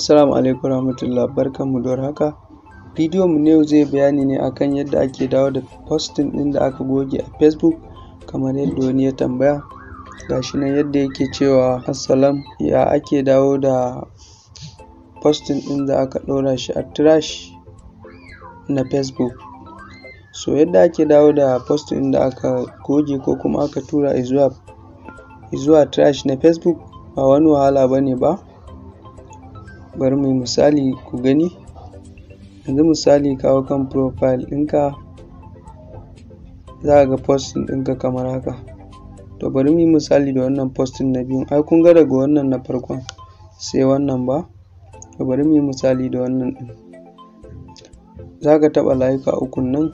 Assalamu alaikum barkan mu da haka bidiyon mu na yau zai bayani ne akan yadda ake dawo da postin ɗin da aka goge a facebook kamar yadda wani ya tambaya gashi nan yadda yake cewa assalam ya ake dawo da postin ɗin da aka ɗora shi a trash na facebook so yadda ake dawo da postin ɗin da aka goge ko kuma aka tura zuwa trash na facebook ba wani wahala bane ba bari mu yi misali ku gani yanzu misali kawo kan profile ɗinka za a ga posting ɗinka kamar haka to bari mu yi misali da wannan posting na biyun ai kun ga daga wannan na farkon sai wannan ba to bari mu yi misali da wannan ɗin za ka taɓa layuka ukun nan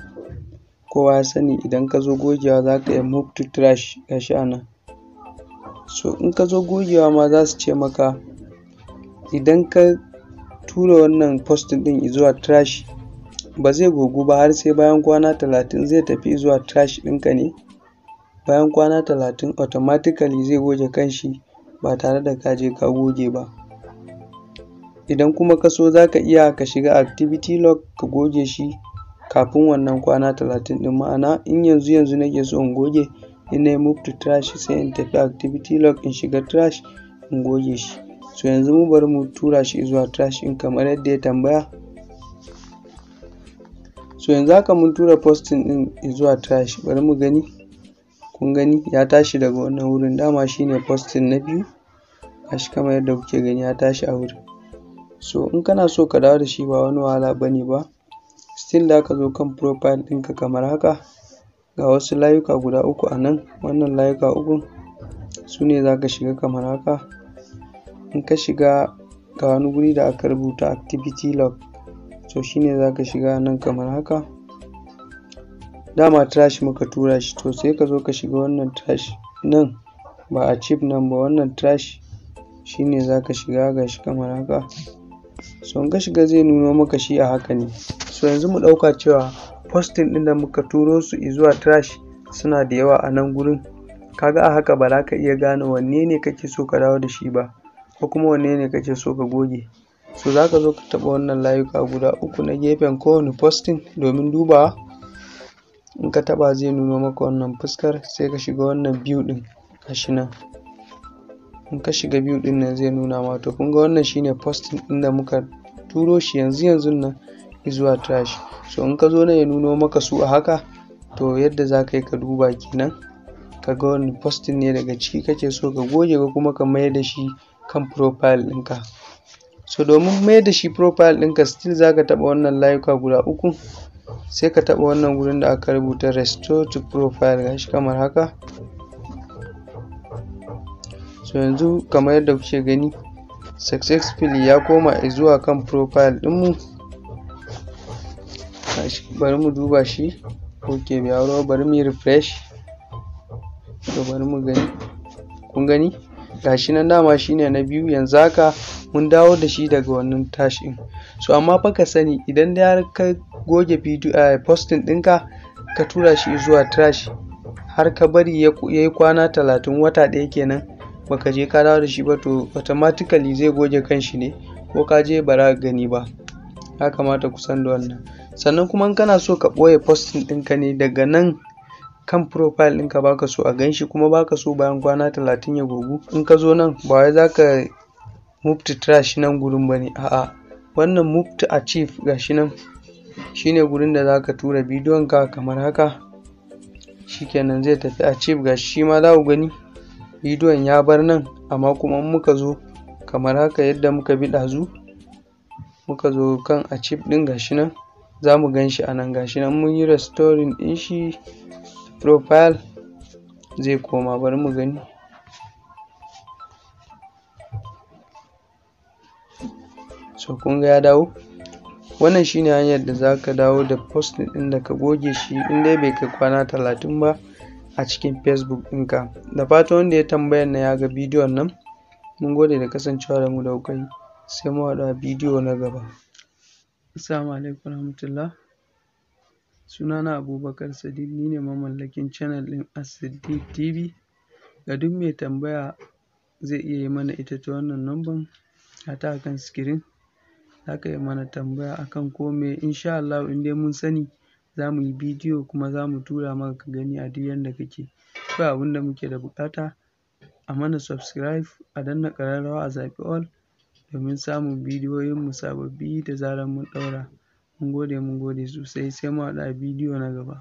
kowa ya sani idan ka zo gogewa za ka iya move to trash gashi a nan so in ka zo gogewa ma za su ce maka idan ka tura wannan postin din zuwa trash ba zai gogu ba har sai bayan kwana talatin zai tafi zuwa trash ɗinka ne bayan kwana talatin automatically zai goge kanshi ba tare da ka je ka goge ba idan kuma ka so za ka iya ka shiga activity log ka goge shi kafin wannan kwana talatin din ma'ana in yanzu yanzu nake so in goge in na move to trash sai in tafi activity log in shiga trash in goge shi so yanzu mu bari mu tura shi zuwa trash in kamar yadda ya tambaya so yanzu haka mun tura posting din zuwa trash bari mu gani kun gani ya tashi daga wannan wurin dama shine posting na biyu gashi kamar yadda kuke gani ya tashi a wurin so in kana so ka dawo da shi ba wani wahala bane ba still da ka zo kan profile ɗinka kamar haka ga wasu layuka guda uku a nan wannan layuka uku su ne za ka shiga kamar haka in ka shiga ga wani guri da aka rubuta activity log so shine za ka shiga nan kamar haka dama trash muka tura shi to sai ka zo ka shiga wannan trash nan ba a chip nan ba wannan trash shine za ka shiga ga shi kamar haka so in ka shiga zai nuno maka shi a haka ne so yanzu mu ɗauka cewa posting ɗin da muka turo su zuwa trash suna da yawa a nan gurin kaga a haka ba za ka iya gane wanne ne kake so ka dawo da shi ba ko kuma wanne ne kake so ka goge. So za ka zo ka taɓa wannan layuka guda uku na gefen kowane posting domin dubawa. In ka taɓa zai nuno maka wannan fuskar sai ka shiga wannan biyu ɗin gashi nan. In ka shiga biyu ɗin nan zai nuna ma to kun ga wannan shine posting ɗin da muka turo shi yanzu yanzun nan zuwa trash. So in ka zo nan ya nuno maka su a haka to yadda za ka yi ka duba kenan. ka ga wani posting ne daga ciki kake so ka goge ko kuma ka mayar da shi kan profile ɗinka so domin mai da shi profile ɗinka still za ka taɓa wannan layuka guda uku sai ka taɓa wannan gurin da aka rubuta restore to profile gashi kamar haka so yanzu kamar yadda kuke gani successfully ya koma zuwa kan profile ɗinmu bari mu duba shi ok bai bari mu yi refresh to bari mu gani kun gani gashi nan dama shine na biyu yanzu haka mun dawo da shi daga wannan tashin so amma fa ka sani idan da ka goge eh, posting ɗinka ka tura shi zuwa trash har ka bari ya yi kwana talatin wata ɗaya kenan baka je ka dawo da shi ba to automatically zai goge kanshi ne ko ka je ba za gani ba ya kamata ku san da wannan sannan kuma kana so ka ɓoye posting ɗinka ne daga nan kan profile ɗinka baka so a ganshi kuma baka so bayan kwana talatin ya gogu in ka zo nan ba wai zaka move to trash nan gurin bane a'a wannan move to achieve gashi nan shine gurin da zaka tura bidiyon ka kamar haka shikenan zai tafi achieve gashi shi ma za ku gani bidiyon ya bar nan amma kuma in muka zo kamar haka yadda muka bi ɗazu muka zo kan achieve ɗin gashi nan za mu gan shi a nan gashi nan mun yi restoring ɗin shi profile zai koma bari mu gani so kun ga ya dawo wannan shine hanyar da za ka dawo da post ɗin da ka goge shi in dai bai kai kwana talatin ba a cikin facebook ɗinka da fata wanda ya tambayar na ya ga bidiyon nan mun gode da kasancewa da mu da kai sai mu haɗu a bidiyo na gaba assalamu alaikum Sunana Abubakar sadiq ni ne mamallakin channel ɗin a TV. Ga duk mai tambaya zai iya yi mana ita ta wannan number a ta akan kan screen. Za ka yi mana tambaya akan kome in insha Allahu in dai mun sani za mu yi bidiyo kuma za mu tura maka ka gani a duk yadda kake. Kawai abin da muke da bukata a mana subscribe, a danna ƙararrawa a zaɓi all domin samun bidiyoyinmu sababbi da zarar mun ɗaura. Mun gode, mun gode sosai. Sai mu haɗu a bidiyo na gaba.